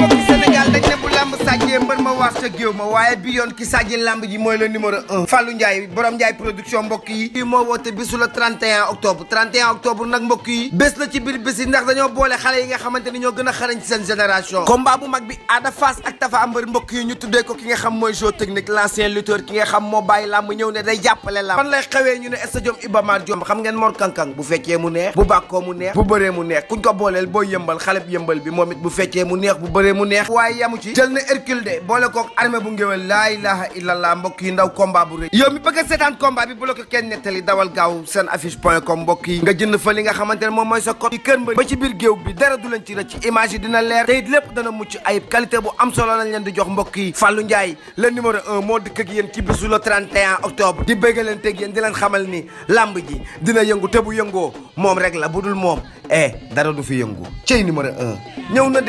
Thank you. démb mbër ma waas ca géew ma waaye bi yoon ki sàjji lamb ji mooy le numéro un Fallou Ndiaye borom Ndiaye production mbokk yi kii moo woote bisu le 31 octobre 31 octobre nag mbokk yi bés la ci biir bés yi ndax dañoo boole xale yi nga xamante ni ñoo gën a xarañ ci seen génération combat bu mag bi Ada Fass ak Tafa Mbër mbokk yi ñu tuddee ko ki nga xam mooy jeu technique l'ancien lutteur ki nga xam moo bàyyi lamb ñëw ne day jàppale lamb fan lay xewee ngéwél de boole kook armée bu ngéwél laa ilaha illallah mbokk yi ndaw combat bu rëy yow mi bëgg a seetaan combat bi bu la ko kenn nettali dawal gaaw seen affiche point com mbokk yi nga jënd fa li nga xamante ne moom mooy sa code yi kër mbër ba ci bi dara du leen ci rëcc image dina leer te it dana mucc ayib qualité bu am solo lañ leen jox mbokk yi Fallou Ndiaye le numéro moo dëkk ak yéen ci bisu le 31 octobre di bëgg leen teg di leen xamal moom la bu dul moom eh du fi yëngu cey numéro un ñëw na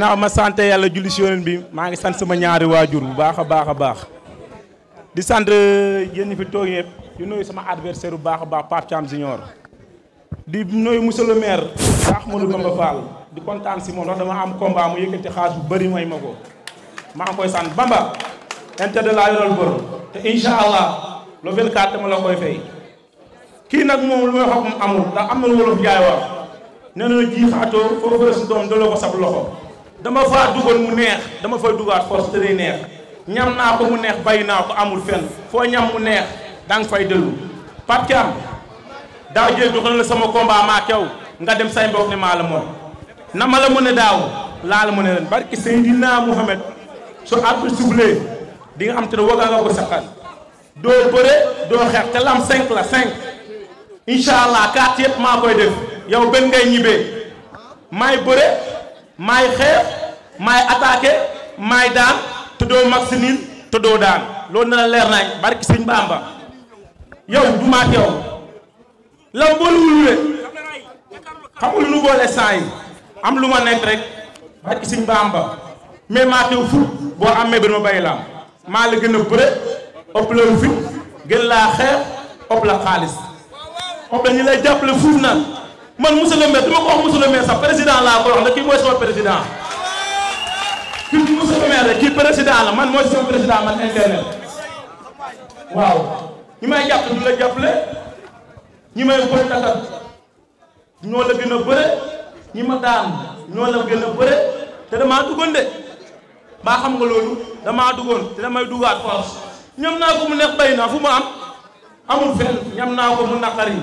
ginnaaw ma sant yàlla julli si yonent bi maa ngi sant sama ñaari waajur bu baax a baax a baax di sant euh, yéen ñi fi toog yëpp di nuyu sama adversaire bu baax a baax Pape Thiam Junior di nuyu monsieur le maire sax Modou Bamba Fall di kontaan si moom ndax dama am combat mu yëkkati xaalis bu bari may ma ko maa ngi koy sant Bamba intérêt laa yoral bor te incha allah le 24 dama la koy fay kii nag moom lu may wax amul ndax am na lu wolof jaay wax nee dama faa dugoon mu neex dama fay dugaat force te neex ñam naa ko mu neex bàyyi naa ko amul fenn foo ñam mu neex danga fay dellu Pape Thiam daaw jéeg doxal la sama combat maa kew nga dem say mbokk ne maa la moom na ma la mën a daaw laa la mën a leen barki Seydina Mouhamed su arbitre sifflee di nga am te ne waga nga ko saqal doo bëre doo xeex te lam 5 la 5 incha allah carte maa koy def yow benn ngay ñibbee may bëre maay xeex maay attaqué maay daan te doo mag si niin te doo daan loolu na la leer nañ barki sëñ Bamba yow du maak yow law boolewul de xam nga lu nu boole saa yi am lu ma nekk rek barki sëñ Bamba mais maa teew boo amee benn ma bàyyi la maa la gën a bëre ëpp la fit gën laa xeex ëpp la xaalis ëpp la ñu lay jàppale fuuf nag man monsieur le maire du ma président laa ko wax ne kii mooy sama président kii monsieur le maire président la man mooy sama président man internet waaw ñi may jàpp ñu la jàppale ñi may bëri takat ñoo ñi ma daan ñoo la gën a bëre te damaa duggoon de maa xam nga loolu damaa duggoon te damay duggaat force ñam naa ko mu neex bàyyi naa fu ma am amul fenn ñam naa ko mu naqari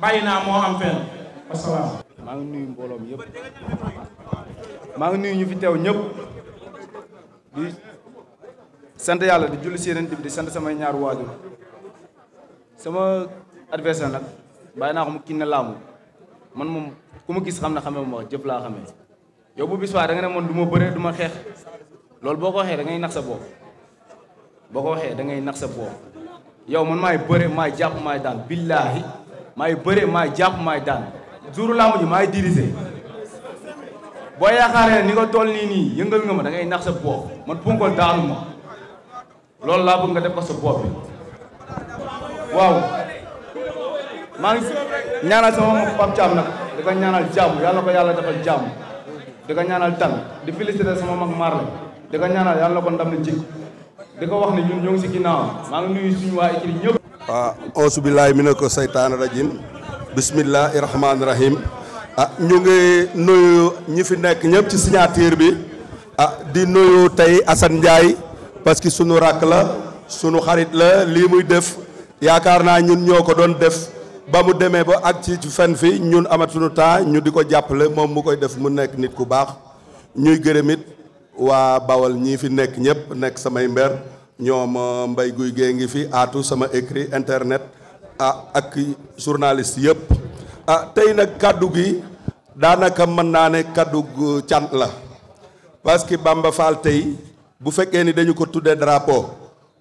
bàyyi naa moo am fenn asalaam. maa ngi nuyu mbooloo mi yëpp maa ngi nuyu ñu fi teew ñëpp di sant yàlla di julli si yeneen di sant samay ñaar waajur sama adversaire nag bàyyi naa ko mu kii ne laamu man moom ku ma gis xam ne xamee ma wax jëf laa xamee yow bu bis baa da ne man du ma bëree du ma xeex loolu boo ko waxee da ngay nax sa bopp boo ko waxee da ngay nax sa bopp yow man maay bëre maay jàpp maay daan billaahi maay bëre maay jàpp maay daan jour làmb ji maay dirigé boo yaakaaree ni nga toll nii nii yëngal nga ma da ngay nax sa bopp man Ponkol daanu ma loolu laa bëgg nga def ko sa bopp bi waaw maa ngi ñaanal sama Pape Thiam nag di ko ñaanal jàmm yàlla ko yàlla defal jàmm di ko ñaanal tan di féliciter sama mag Marley di ko ñaanal yàlla ko ndam ne jik di ko wax ne ñun ñoo ngi si ginnaaw maa ngi nuyu suñu waa équipe ñëpp. waaw ah, auzu billaahi mina ko saytaane rajim bismillahi rahmaani rahim ah ñu ngi nuyu ñi fi nekk ñëpp ci signature bi ah di nuyu tey Assane Ndiaye parce que sunu rakk la sunu xarit la lii muy def yaakaar naa ñun ñoo ko doon def ba mu demee ba ak ci fen fi ñun amat sunu temps ñu di ko jàppale moom mu koy def mu nekk nit ku baax ñuy gërëmit waa Bawal ñii fi nekk ñëpp nekk samay mber ñoom mbay guy gée ngi fi aatu sama écrit internet ah ak journaliste yëpp ah tey nag kàddu gi daanaka mën naa ne kàddu cant la parce que Bamba Fall tey bu fekkee ni dañu ko tuddee drapeau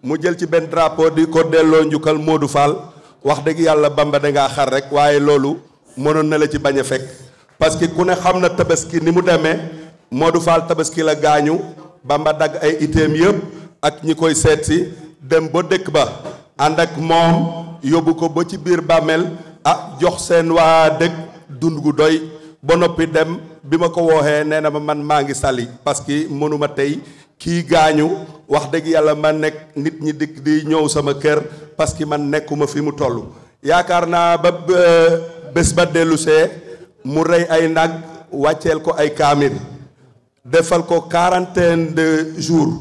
mu jël ci benn drapeau di ko delloo njukkal du Fall wax dëgg yàlla Bamba da xar rek waaye loolu mënoon na la ci bañ a fekk parce que ku ne xam na tabaski ni mu demee Modou Fall tabaski la gaañu Bamba dagg ay iteem yëpp ak ñi koy seet dem ba dëkk ba ànd ak moom yóbbu ko ba ci biir bàmmeel ah jox seen waa dëkk dund gu doy ba noppi dem bi ma ko wooxee nee na ma man maa ngi sali parce que mënuma tey kii gaañu wax dëgg yàlla ma nekk nit ñi dikk di ñëw sama kër parce que man nekkuma fi mu toll yaakaar naa ba bés ba dellusee mu rey ay nag wàcceel ko ay kaamir defal ko quarantaine de jours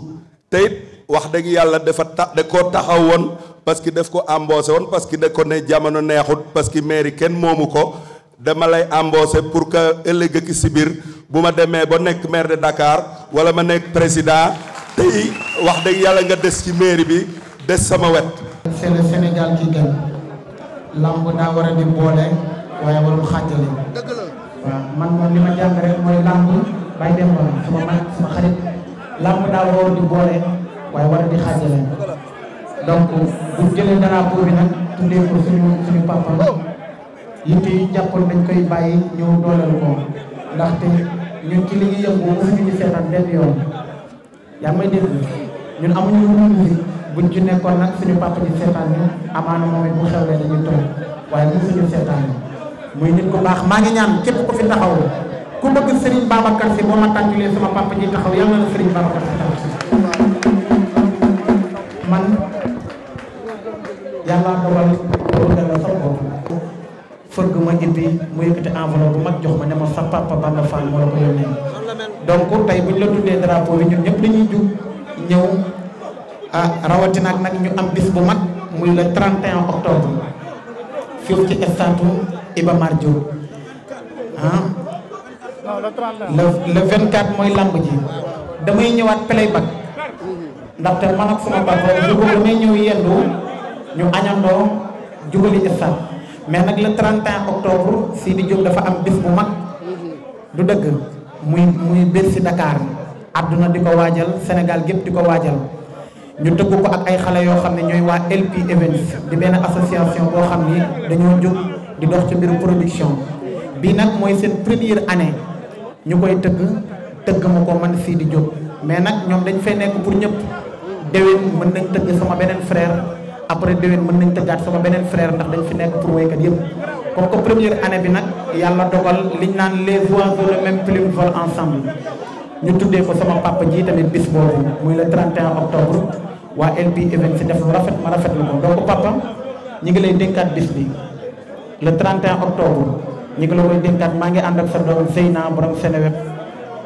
te wax dëgg yàlla dafa ta da ko taxaw woon parce que daf ko embauché woon parce que da ko ne jamono neexut parce que mairie kenn moomu ko dama lay embauché pour que ëllëg ak si biir bu ma demee ba nekk maire de Dakar wala ma nekk président tey wax dëgg yàlla nga des ci mairie bi des sama wet. Sénégal qui gagne lamb daa war a di boole waaye war a di boole waaye donc bu jëlee drapeau bi nag tuddee ko suñu suñu papa yitte yi jàppoon dañ koy bàyyi ñëw dooleel ko ndaxte ñun ci li ñu yëngu mosu ñu seetaan benn yoon yaa ñu buñ ci nekkoon nag suñu papa ji seetaan ñu amaana moom it bu xewlee dañuy toog waaye mosuñu seetaan muy nit ku baax maa ngi ñaan képp ku fi taxaw ku bëgg Serigne Babacar boo ma tànculee sama papa ji taxaw yàlla na Serigne Babacar Sy taxaw. yàllaa dogal boobu dana sax ko ma indi mu yëkkati enveloppe bu mag jox ma ne ma sa papa Balla Fall moo la ko yónnee donc tey ñu la tuddee drapeau bi ñun ñëpp dañuy jug ñëw ah rawatina nag ñu am bis bu mag muy le 31 octobre fii ci stade Iba Mar Diop ah le mooy lamb ji damay ñëwaat playback ndaxte man ak sama papa bu ko ñëw yendu ñu añandoo jubali stade mais nag le 31 octobre Sidi Diop dafa am bis bu mag du dëgg muy muy Bercy Dakar àdduna di ko waajal Sénégal gépp di ko waajal ñu tëgg ko ak ay xale yoo xam ne ñooy waa LP Events di benn association boo xam ni dañoo jóg di dox ci mbiru production bii nag mooy seen première année ñu koy tëgg tëgg ma ko man sii di Diop mais nag ñoom dañ fay nekk pour ñëpp déwén mën nañ tëgg sama beneen frère après déwén mën nañ tëggaat sama beneen frère ndax dañ fi nekk pour waykat yëpp comme que première année bi nag yàlla dogal liñ naan les voix de même plume volent ensemble ñu tuddee ko sama papa ji tamit bis boobu muy le 31 octobre waa LB Event si def lu rafet ma rafetlu ko donc papa ñi ngi lay dénkaat bis bi le 31 octobre ñi ngi la koy dénkaat maa ngi ànd ak sa doom Zeyna borom Seneweb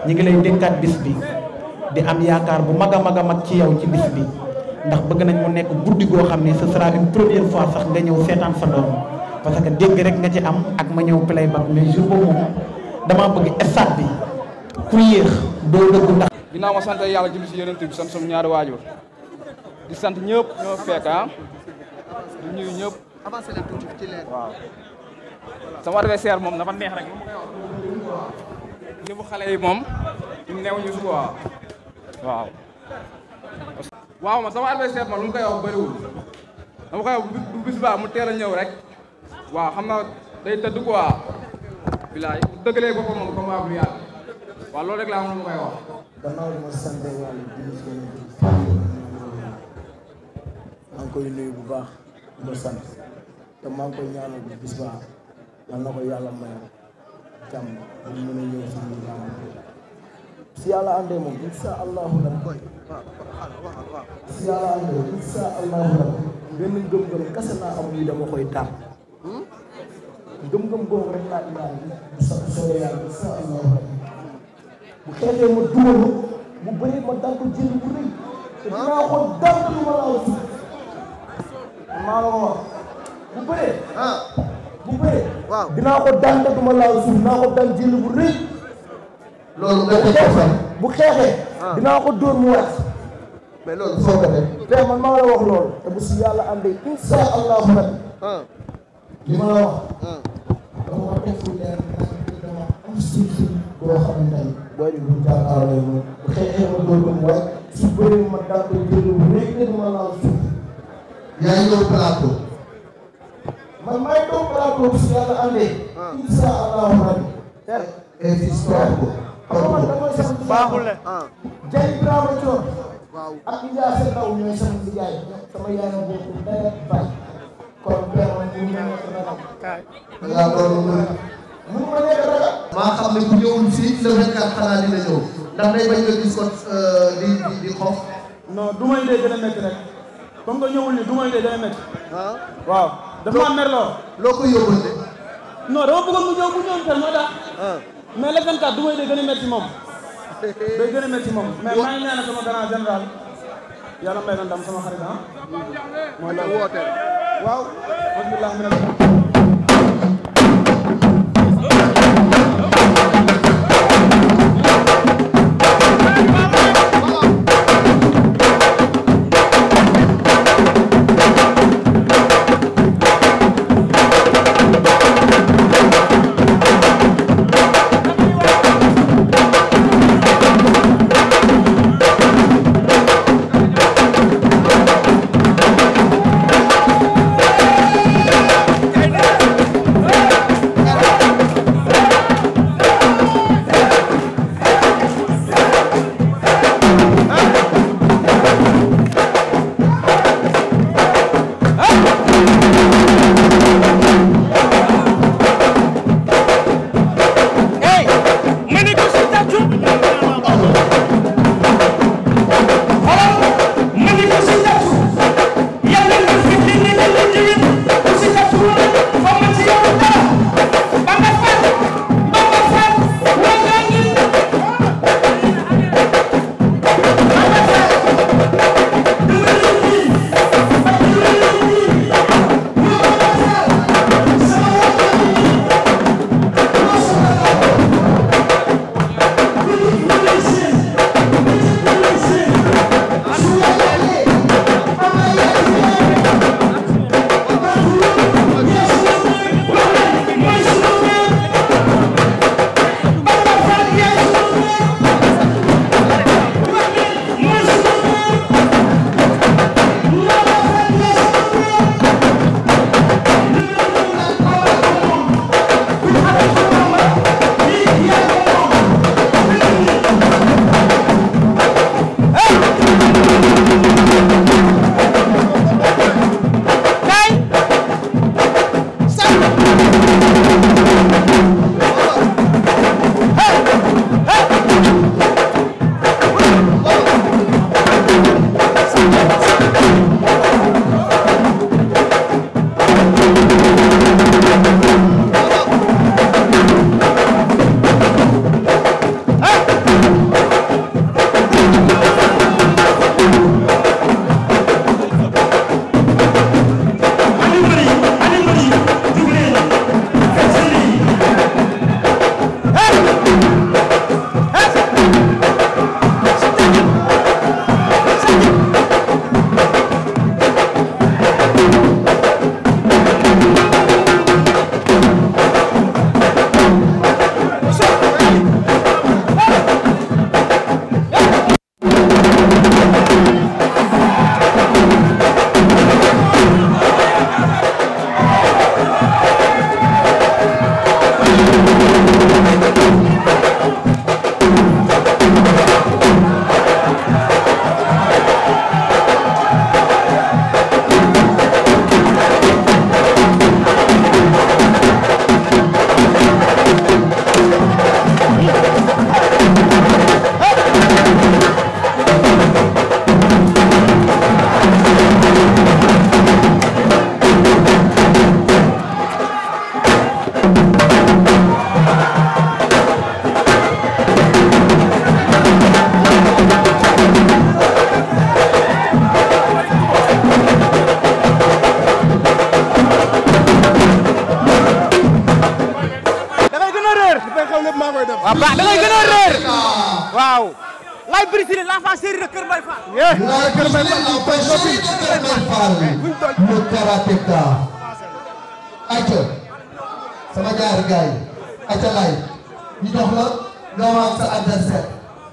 ñi ngi lay dénkaat bis bi di am yaakaar bu mag a mag a mag ci yow ci bis bi ndax bëgg nañ mu nekk guddi goo xam ne sa sera une première fois sax nga ñëw seetaan sa doom parce que dégg rek nga ci am ak ma ñëw playback mais jour boobu moom damaa bëgg stade bi ku yéex doo dëggu ndax. ginnaaw ma sant yàlla julli si yonent bi sant sama ñaari waajur di sant ñëpp ñoo fekk ah di nuyu ñëpp. avancé leen tuuti waaw. sama adversaire moom dafa neex rek moom li xale yi moom new ñu quoi waaw. waaw ma sama adversaire ma lu mu koy wax bëriwul dama koy wax bu bis baa mu teel a ñëw rek waaw xam naa day tëdd quoi bilaay dëggalee boppam moom combat bu yàgg loolu rek laa am lu ma koy wax gannaaw ma sant yàlla maa ngi koy nuyu bu baax ma sant te maa ngi koy ñaanal bu bis baa yal na ko yàlla may jàmm bu mën a ñëw si ñu si yàlla àndee moom insha allahu dañ koy yàlla ñëw insha allahu rabbi benn gëm-gëm kese naa am nii dama koy tàmm gëm-gëm boobu rek laa imaan bi sa soo yàlla insha allahu rabbi bu xeexee ma dugal bu bëree ma dal jël bu rëy te dinaa ko dal lu ma laaw bu bëree bu bëree ko dal du ma laaw bu rëy bu xeexee bu xeexee dinaa ko dóor mu wàcc mais loolu soo ko def tey man maa la wax loolu te bu si yàlla am de insha allahu rabbi li ma la wax dama ko def lu leer dama am surtout boo xamante ni booy di buñ daal aale moom bu xeexee ma dóor ko mu wàcc su bëree ma daal ko jël bu nekk ma laal suuf yaa ngi doon plateau man maay doon plateau bu si yàlla andee insha allahu rabbi et histoire ko baaxul le ah. Jali Bravo Thior ak Ida Sène Ndaw ñooy sama liggéey sama yaay ma bokk nawet bay kon benn mu ngi nekk ragal. yaa loolu mun ma nekk ragal. maa xam ne bu ñëwul fii le 24 xanaa dina ñëw ndax day bañ nga euh, di di di xof. non du may dee gën a rek comme que ñëwul nii du may dee gën a métti. Ah. waaw dafa ma merloo. loo koy yóbbante. non dama bëggoon mu ñëw mu ñëw teel moo mais le 24 du may day gën a métti moom day gën a métti moom mais maa ngi ñaanal sama grand général yàlla may na ndam sama xarit ah. mooy la woote waaw. alhamdulilah. waaw baax da ngay gën a réer waaw lay brisili la fa série de Kër Mbaye Fall eh Kër Mbaye Fall le karatéka sama ñaari gars a acca laay ñu jox la nga waam sa adversaire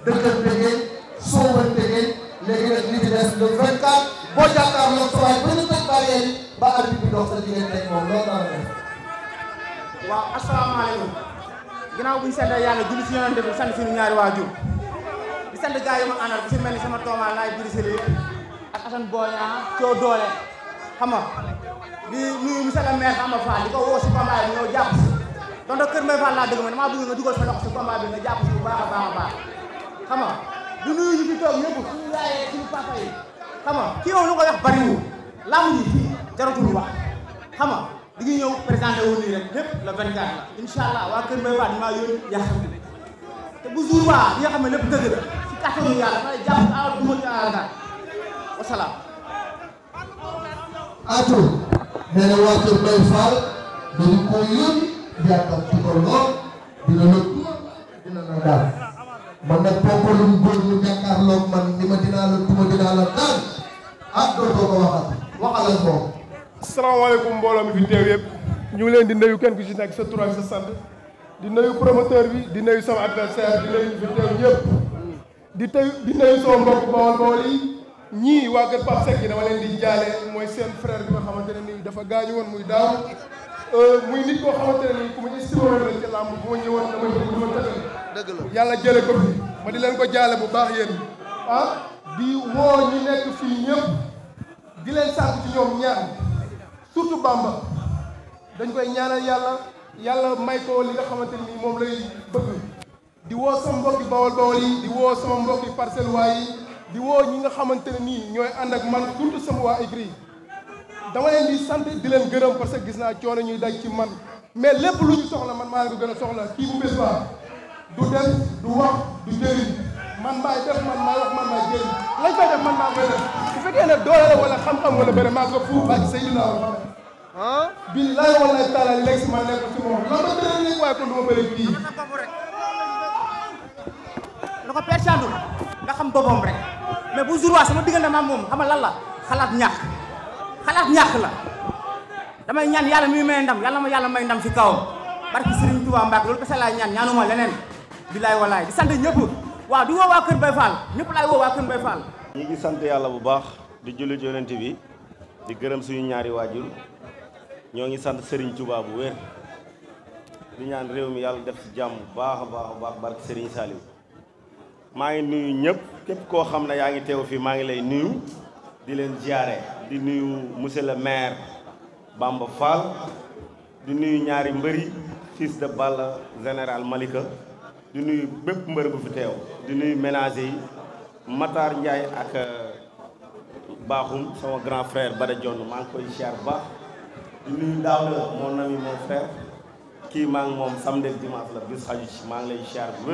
dëkkante ngeen soowante ngeen léegi nag li ci des le 24 boo jàkkaarloo ñu tëj barrière yi ba arbitre bi dox sa bu ñu sant yàlla ñaari waajur di sant gars yi ma àndal si mel ni sama toomaal naay biri sili ak Assane Boña ah, doole xam nga di nuyu monsieur le maireAmba Fall di ko woo si combat bi ñëw jàpp si donte Kër Mbaye Fall laa dëgg ma damaa bëgg nga dugal sa loxo si combat bi nga jàpp si bu baax a baax a baax xam nuyu ñu fi toog ñëpp suñu yaayee suñu papa yi xam kii yow lu ko wax bariwul làmb ji fii jaratul wax xam nga di ñëw présenté wu nii rek lépp le 24 la incha allah waa Kër Mbaye Fall maa yónni yàq te bu jour waa li nga xam ne lépp la si kàttanu yàlla atu nee na waa Kër Mbaye Fall dañu ko yónni yaakaar ci ko lool dina la góor dina la daal man nag pompalum góor ñu jàkkaarloog man ni ma dinaa la duma dinaa la daal ah dootoo ko waxat waxalal ko. asalaamaaleykum mbooloo mi fi teew yëpp ñu leen di nuyu kenn ku ci nekk sa tur ak sa sant di nuyu promoteur bi di nuyu sama adversaire di nuyu fi teew yëpp di tey di nuyu sama mbokk Bawol Bawol yi. ñii waa kër Pape yi dama leen di jaale mooy seen frère bi nga xamante ne nii dafa gaañu woon muy daaw euh, muy nit koo xamante ne nii ku ma estimé woon leen ci làmb bu ma ñëwoon dama ñëw du ma yàlla jële ko fi ma leen ko jaale bu baax yéen ah di woo ñu nekk fii ñëpp di leen sàkku ci ñoom ñaan surtout Bamba dañ koy ñaanal yàlla yàlla may ko li nga xamante ni moom lay bëgg di woo sama mbokki bawol bawol yi di woo sama mbokki parcelle waa yi di woo ñi nga xamante ne nii ñooy ànd ak man tunt sama waa écrit dama leen sant di leen gërëm parce que gis naa coono ñuy daj ci man mais lépp lu ñu soxla man maa ngi ko gën a soxla kii bu bés baa du dem du wax du jëriñ man maay def man maay wax man maay jëriñ lañ fay def man maa koy def fekkee ne doole la wala xam-xam wala bëre maa ko fuuf ak Seydina ah billaay wallaay taala lex ma nekk ci moom la ma tëral nekk waaye kon du ma nga xam boppam rek. mais bu jour waa sama diggante maam moom xam nga la xalaat ñàkk xalaat ñàkk la damay ñaan yàlla muy may ndam yàlla ma yàlla may ndam si kawam barki Serigne Touba Mbacke loolu kese laay ñaan ñaanuma leneen bilaay walaay di sant ñëpp waaw di woo waa Kër Mbaye Fall ñëpp laay woo waa Kër Mbaye Fall ñi ngi sant yàlla bu baax di julli ci yonent bi di gërëm suñu ñaari waajur ñoo ngi sant Serigne Touba bu wér di ñaan réew mi yàlla def ci jàmm bu baax a baax a baax barki Serigne Saliou maa ngi nuyu ñëpp képp koo xam ne yaa ngi teew fii maa ngi lay nuyu di leen ziare di nuyu monsieur le maire Bamba Fall di nuyu ñaari mbëri fils de Balla général Malika di nuyu bépp mbër bu fi teew di nuyu ménager yi Matar Ndiaye ak euh, Bakhoum sama grand frère ba Dione maa ngi koy ziar baax di nuyu daaw la mon ami mon frère kii maa ngi moom samedi dimanche la bis xaju ci maa lay ziar bu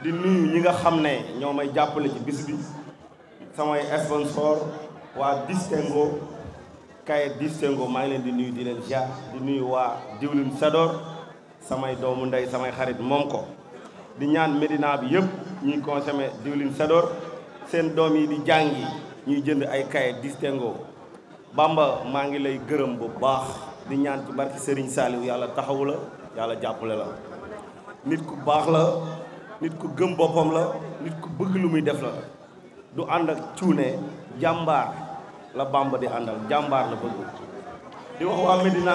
di nuyu ñi nga xam ne ñoo may jàppale ci bis bi samay sponsor waa Distingo kaye Distingo maa ngi leen di nuyu di leen ziar di nuyu waa diwlin Sador samay doomu ndey samay xarit moom ko di ñaan Médina bi yëpp ñuy consommé diwlin Sador seen doom yi di jàngi ñuy jënd ay kaye Distingo Bamba maa ngi lay gërëm bu baax di ñaan ci barki Serigne yàlla taxawu la yàlla jàppale la nit ku baax la nit ku gëm boppam la nit ku bëgg lu muy def la du ànd cuune jàmbaar la Bamba di àndal jàmbaar la bëgg di wax waa Medina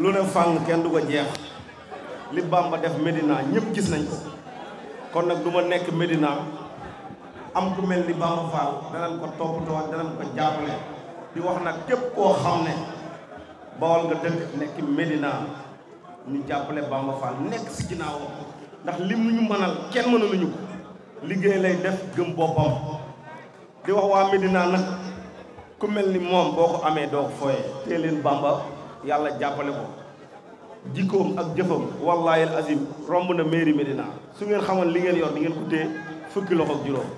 lu ne fàng kenn du jeex li Bamba def Medina ñëpp gis nañ kon nag duma nekk Medina am ku mel ni Bamba Fall danañ ko toppatoo danañ ko jàppale di wax nag képp koo xam ne bawal nga dëkk nekk Medina ñu jàppale Bamba Fall nekk si ginnaawam ndax lim lu ñu mënal kenn mënaluñu ko liggéey lay def gëm boppam di wax waa Medina nag ku mel ni moom boo ko amee doo ko fooyee tee leen Bamba yàlla jàppale ko jikkoom ak jëfam wallaahi al azim romb na mairie Medina su ngeen xamoon li ngeen yor di ngeen ko téye fukki loxo juróom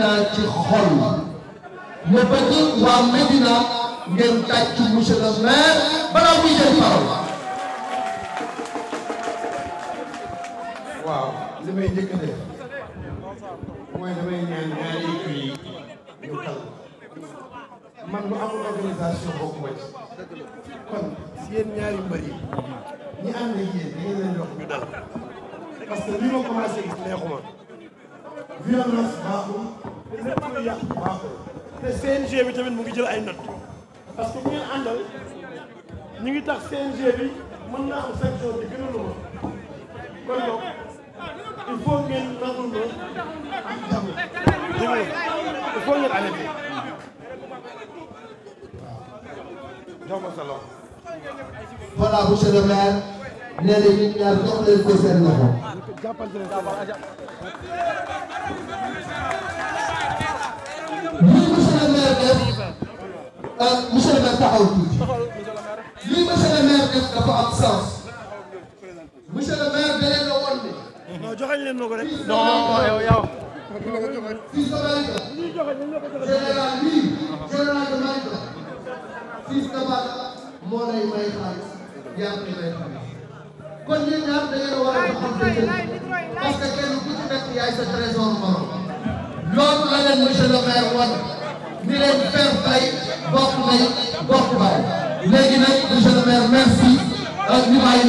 Medina ci xol ma bëgg waa Medina ngeen tàcc monsieur le maire balaa muy jël parole. waaw li may njëkk a def mooy damay ñaan ñaari kii yi ñu kal man lu amul organisation boobu wàcc kon si yéen ñaari mbër yi ñi ànd ak yéen dañu leen wax ñu dal parce que li ma commencé gis neexuma violence baaxul te CNG bi tamit mu ngi jël ay notes parce que bu ngeen àndal ñu ngi tax CNG bi mën naa am sanction bi gënalu ma kon donc il faut ngeen nangul ma il faut ngeen arrêté waaw lii monsieur le maire def monsieur le maire taxaw tuuti lii monsieur le maire def dafa am sens monsieur le maire da leen a won ne. non joxañ leen ko rek. non non yow yow. fils de Malika général lii général de Malika fils de Malika moo lay may xaalis yàlla lay may xaalis kon ñun ñaar da ngeen a war a xam parce que kenn ku ci nekk yaay sa trésor morom loolu la leen monsieur le maire wan ni leen faire fay bokk nay bokk baay léegi nag monsieur le maire merci euh, ñu bàyyi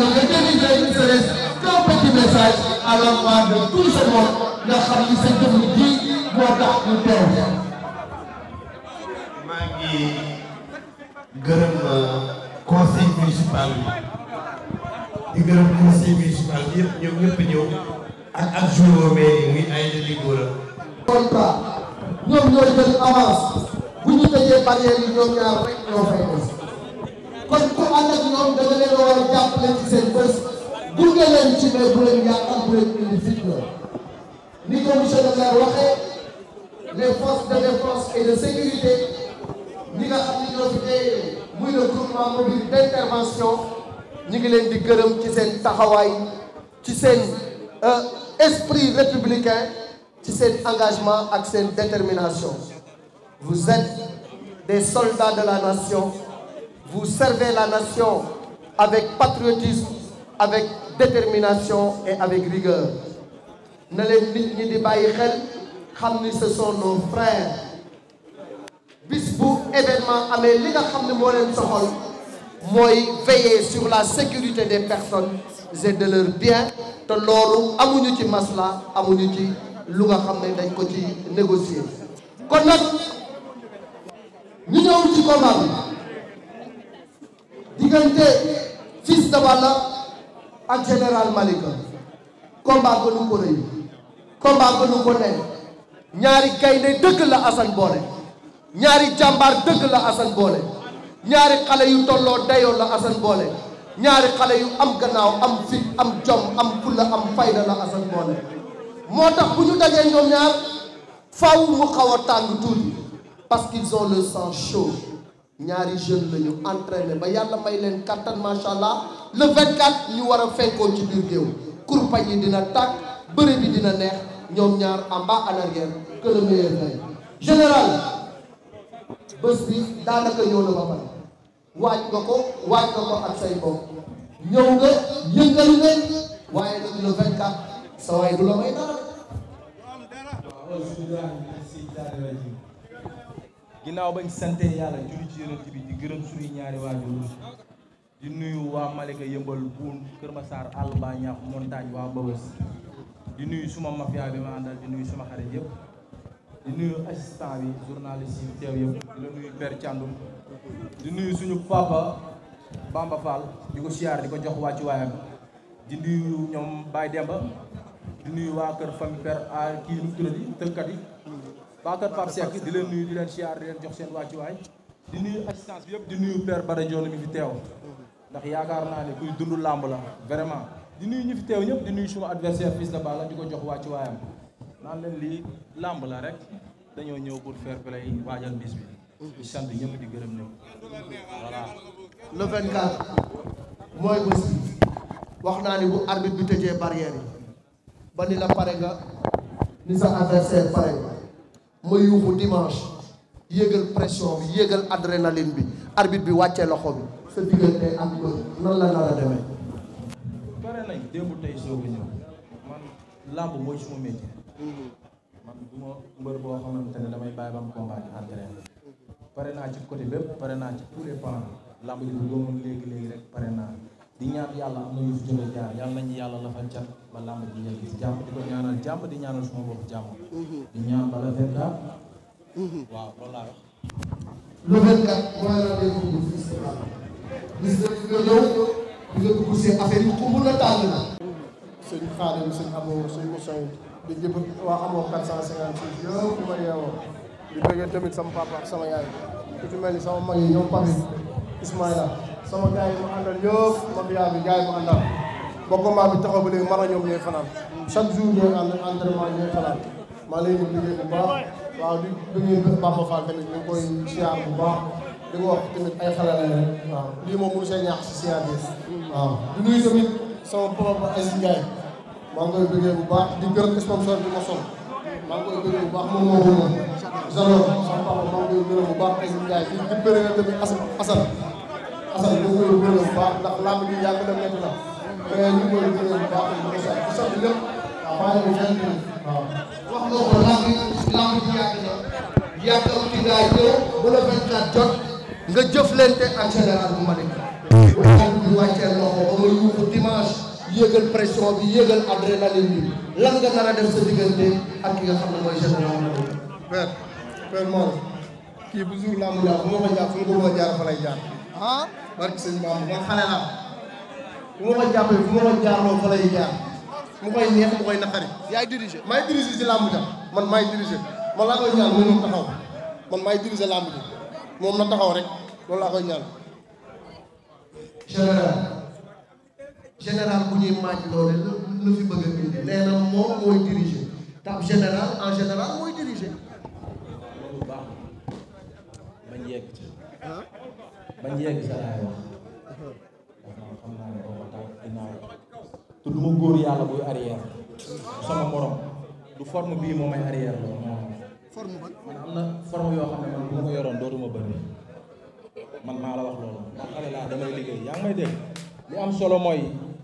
message à l'endroit de tout ce monde nga xam ni sa jëmm ji moo tax ñu teew. maa ngi gërëm euh, conseil municipal bi di bi yëpp ñoom ñëpp ñëw ak ak adjoint au maire yi muy ay délégué contrat ñoom ñooy jël avance bu ñu tëjee barrière yi ñoom ñaar rek ñoo fay des kon ku ànd ak ñoom danga leen war a jàppale ci seen bés gunge leen ci mais bu leen yàqal bu leen indi fitna le maire et de sécurité ñi nga xam ne ñoo fi tey ñu ngi leen di gërëm ci seen taxawaay ci seen euh, esprit républicain ci seen engagement ak seen détermination vous êtes des soldats de la nation vous servez la nation avec patriotisme avec détermination et avec rigueur na leen nit ñi di bàyyi xel xam ni ce sont nos frères bis bu événement amee li nga xam ne moo leen soxal mooy veiller sur la sécurité des personnes et de leurs biens te loolu amuñu ci masla amuñu ci lu nga xam ne dañ ko ci négocier kon nag ñu ñëw ci combat diggante Fils de Balla ak Général Malika combat ko rëy combat gënu ko ne ñaari gaynde dëgg la Assane boole ñaari jàmbaar dëgg la Assane boole ñaari xale yu tolloo dayoo la Assane boole ñaari xale yu am gannaaw am fit am jom am fulla am fayda la Assane boole moo tax bu ñu dajee ñoom ñaar faw mu xaw a tàng tuuti parce qu'ils ont le sang ñaari jeunes la ñu entraîné ba yàlla may leen kattan macha allah le 24 ñu war a fekkoon ci biir géew kurpañ yi dina tàkk bëre bi dina neex ñoom ñaar en bas en arrière que général bés bi daanaka ñëw na ba pare waaj nga ko waaj nga ko ak say mbokk ñëw nga yëngal nga waaye nag le 24. sa du la may dara. bañ sante yàlla julli ci yonent bi di gërëm suñu ñaari nuyu waa Malika Kër Massar àll ba ñaax di nuyu suma mafia bi ma àndal di nuyu suma xarit yëpp di nuyu ko siyaar di ko jox wàccu di nuyu ñoom Baye Demba di nuyu waa kër famille père a kii nu mu tuddati tënkat yi waa kër Pape Seck di leen nuyu di leen siyaar di leen jox seen wàccuwaay di nuyu assistance bi yëpp di nuyu père Bada Dione mi fi teew ndax yaakaar naa ne kuy dund làmb la vraiment di nuyu ñu teew ñëpp di nuyu suma adversaire Fils de di ko jox waayam naan leen lii làmb la rek dañoo ñëw pour fair play waajal bis bi di sant ñëpp di gërëm ñëpp voilà le 24 mooy bés wax naa ni bu arbitre bi tëjee barrière yi ba ni la pare nga ni sa adversaire pare nga ma yuuxu dimanche yéegal pression bi yéegal adrénaline bi arbitre bi wàccee loxo bi sa diggante ak mbër nan la nar a demee pare nañ démb tey soog a ñëw man làmb mooy suma métier man du ma mbër boo xamante ne damay bàyyi ba am combat di pare naa ci côté bépp pare naa ci tous les plans làmb ji bu léegi léegi rek pare naa di ñaan yàlla am na yu fi jëlee jaar yàlla nañu yàlla lafal cat ba làmb ji yegg si jàmm di ko ñaanal jàmm di mm-hmm. ñaan ba le 24. Mm-hmm. waaw loolu laa wax. le mel ni sama mag yi ñoom Pape Ismaïla sama gars yi mu àndal yëpp mafia bi gars yi mu àndal ba combat bi taxaw ba léegi mara ñoom ñooy fanaan chaque jour ñooy ànd entraînement maa lay liggéey bu baax waaw di bëggee bu baax di ko wax tamit ay xale lañ rek si siyaar bi waaw di nuyu tamit baax di gërëm sponsor bi ma maa koy bëggee bu baax moom moom Jalor sama maa koy gërëm bu baax Aziz Ndiaye di di bëri tamit Assane Assane Assane bi yàgg na métti na mais ñu ngi wax nga ko làmb làmb yàgg na yàgg uti ngaa ñëw ba le bu Malick. waxtaan bi wàccee loxo ba nga yuuxu dimanche nga nar a def sa diggante ak ki nga xam ne mooy général Malick. père père Mor bu yàgg moo ko jàpp fu mu ko mën a jaar fa jaar. ah barke sëñ Maam man xale laa bu la ko jàppee bu ma ko jaarloo moom taxaw man maay moom na taxaw rek loolu laa koy ñaan général général bu ñuy maaj loole lu fi bëgg a bindee nee moom mooy dirigé tab général en général mooy dirigé bañ yegg sa laay wax xam naa ne booba tax dinaa wax te góor yàlla buy arrière sama morom du forme bii moo may arrière loolu moom forme na forme yoo xam ne ma ko yoroon dootuma la wax loolu ndax xale laa damay liggéey yaa ngi may dégg li am solo mooy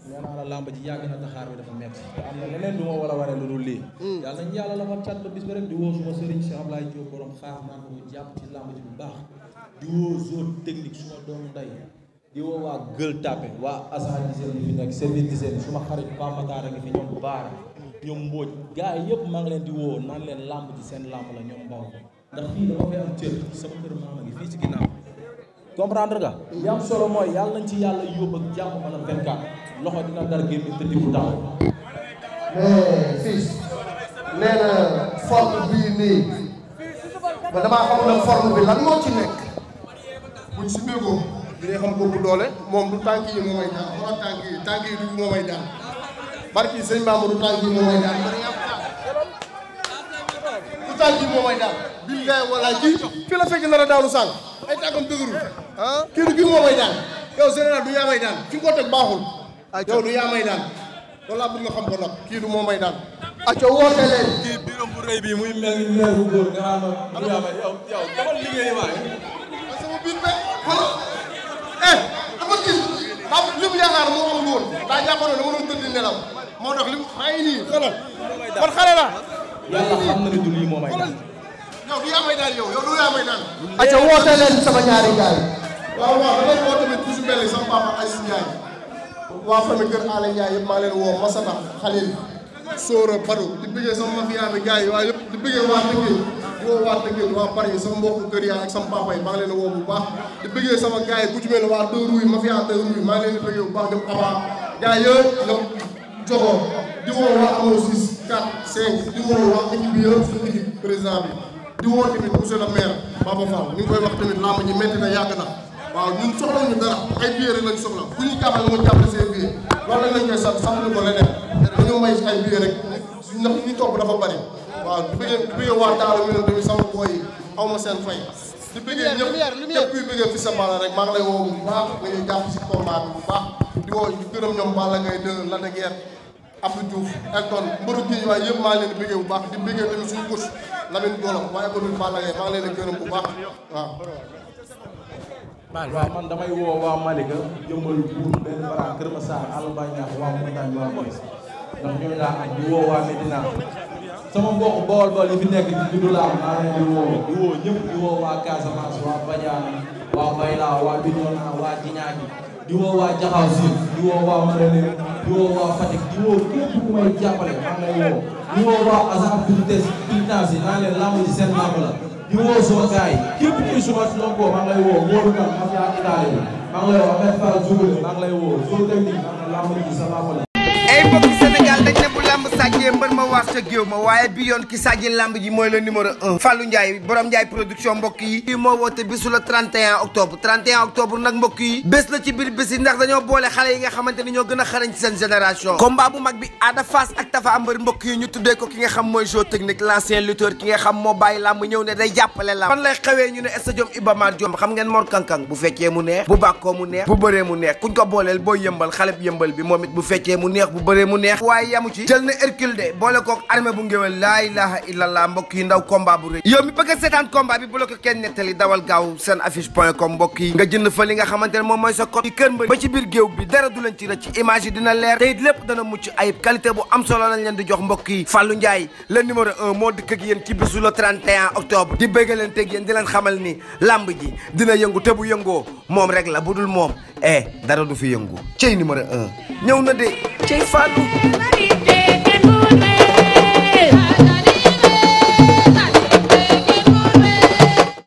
nee naa la làmb ji yàgg na taxaar bi dafa metti te am na leneen du ma waree lu dul lii mm. yàlla nañu yàlla la war cat ba bis ba rek di woo suma sëriñ si Ablaye Diop borom xaar naan jàpp ci làmb bu baax di woo zone technique su ma doomu nday di woo waa Gueule Tapée waa Assane Gisèle yi fi nekk service Gisèle su ma xarit Pamataar a ngi fi ñoom Baara ñoom Mbodj gars yi yëpp maa ngi leen di woo naan leen làmb di seen làmb la ñoom mbaw ndax fii dafa fay am cër sama kër maama ngi fii ci ginnaaw comprendre nga li am solo yàlla nañ ci yàlla yóbbu ak jàmm mën a 24 loxo dina dar gémmi tëddi bu taxaw mais fils na forme bii nii ba damaa xamul ne forme bi lan ci nekk buñ si méegoo dinañ xam ko bu doole moom du tànk yi moo may daan wala tànk yi tànk yi du moo may daan barki sëñ Mamadou du tànk yi moo may daan du tànk yi moo may daan billaay wala kii fii la fekk nar a daanu sànq ay tànkam dëgërul ah kii du kii moo may daan yow général du yaa may daan fi nga ko teg baaxul yow du yaa may daan loolu laa bëgg nga xam ko nag kii du moo may daan acca woote leen kii biiram bu rëy bi muy mel ni mel bu góor nga naan ma du yaa may yow yow defal liggéey waay sama xoolal eh abattis daa li mu yaakaar moo amul woon daa jàppoon ne dama doon tëdd nelaw moo tax li mu xëy nii xoolal kon xale la. yàlla xam na ne du lii moo may daal. yow du yaa ñaari gaay. waaw waaw damay woo tamit ku si mel ni sama papa Aziz Ndiaye. waa famille Kër Allé Ndiaye yëpp maa leen woo Masaba Khalil Sora Pado di bëggee sama mafia bi gars yi waaye yëpp waa Tëngéej. woo waa Tëngéej waa Paris sama mbokku kër yaa ak sama papa yi maa ngi leen a woo bu baax di bëggee sama gars yi ku ci mel ne waa Deux Roues ma fi yaa Deux Roues maa ngi leen di bëggee bu baax ñoom Aba gars yëpp ñoom Jogo di woo waa amoo 6 4 5 di woo waa équipe bi yëpp suñu équipe président bi di woo tamit monsieur le maire Baba Fall ñu ngi koy wax tamit làmb ji métti na yàgg na waaw ñun soxla ñu dara ay biir rek lañ soxla ku ñu jàppale mu jàppale seen biir loolu lañ koy sant sant ñu ko leneen dañoo may ay biir rek ndax ñu topp dafa bari waaw di bëggee di bëggee waa Daara mi tamit sama booy yi aw ma seen fay. di bëggee ñëpp ñëpp kuy bëggee fi sa Balla rek maa ngi lay woo bu baax nga ñuy jàpp si combat bi bu baax di woo ñu gërëm ñoom Balla Gaye 2 Lac de Guiers Abdou Diouf Elton mbëru kii waaye yëpp maa ngi leen di bëggee bu baax di bëggee tamit suñu kus Lamine Golo waaye ko dul Balla Gaye maa ngi leen di gërëm bu baax waaw. waaw man damay woo waa Malika jëmbal Buur benn bara Kër Massar Alba Niakh waa Montagne waa Moïse ndax ñooñu laa am di woo waa Medina sama mbokk bool bool yi fi nekk ci maa ngi woo di woo waa Casamance waa Badiane waa Bayla waa Bignona waa di woo waa Jaxaw Sud di woo waa Marene di woo waa Fatick di woo képp ku jàppale maa ngi woo di woo waa agent bultes bulletins yi naa leen lamb ci seen lamb la di woo suma gars yi képp kuy suma lonko maa ngi lay woo Modou Kan xam naa Italie maa ngi lay woo Ahmed Fall Diouf maa ngi lay sa lamb la ma sàjjee mbër ma waas sa géew ma waaye bi yoon ki sàjji lamb ji mooy le numéro un Fallou Ndiaye borom Ndiaye production mbokk yi kii moo woote bisu le 31 octobre 31 octobre nag mbokk yi bés la ci biir bés yi ndax dañoo boole xale yi nga xamante ni ñoo gën a xarañ ci seen génération combat bu mag bi Ada Fass ak Tafa Mbër mbokk yi ñu tuddee ko ki nga xam mooy jeu technique l'ancien lutteur ki nga xam moo bàyyi lamb ñëw ne day jàppale lamb fan lay xewee ñu bu fekkee mu neex bu bàkkoo mu neex bu bëree mu neex kuñ ko booleel booy yëmbal xale yëmbal bi moom it bu fekkee neex bu bëree mu neex Hercule de boole kook armée bu ngéwél laa ilaha illallah mbokk yi ndaw combat bu rëy yow mi bëgg a seetaan bi bu la ko kenn nettali dawal gaaw seen affiche point com mbokk yi nga jënd fa li nga xamante ne moom mooy sa code yi kër mbër ba ci biir géew bi dara du leen ci rëcc image dina leer te it dana mucc ayib qualité bu am solo lañ leen di jox mbokk yi Fallou Ndiaye le numéro un moo dëkk ak yéen ci bisu le 31 octobre di bëgg teg yéen di leen xamal moom rek la bu dul moom eh dara fi yëngu cey numéro un ñëw na de Amane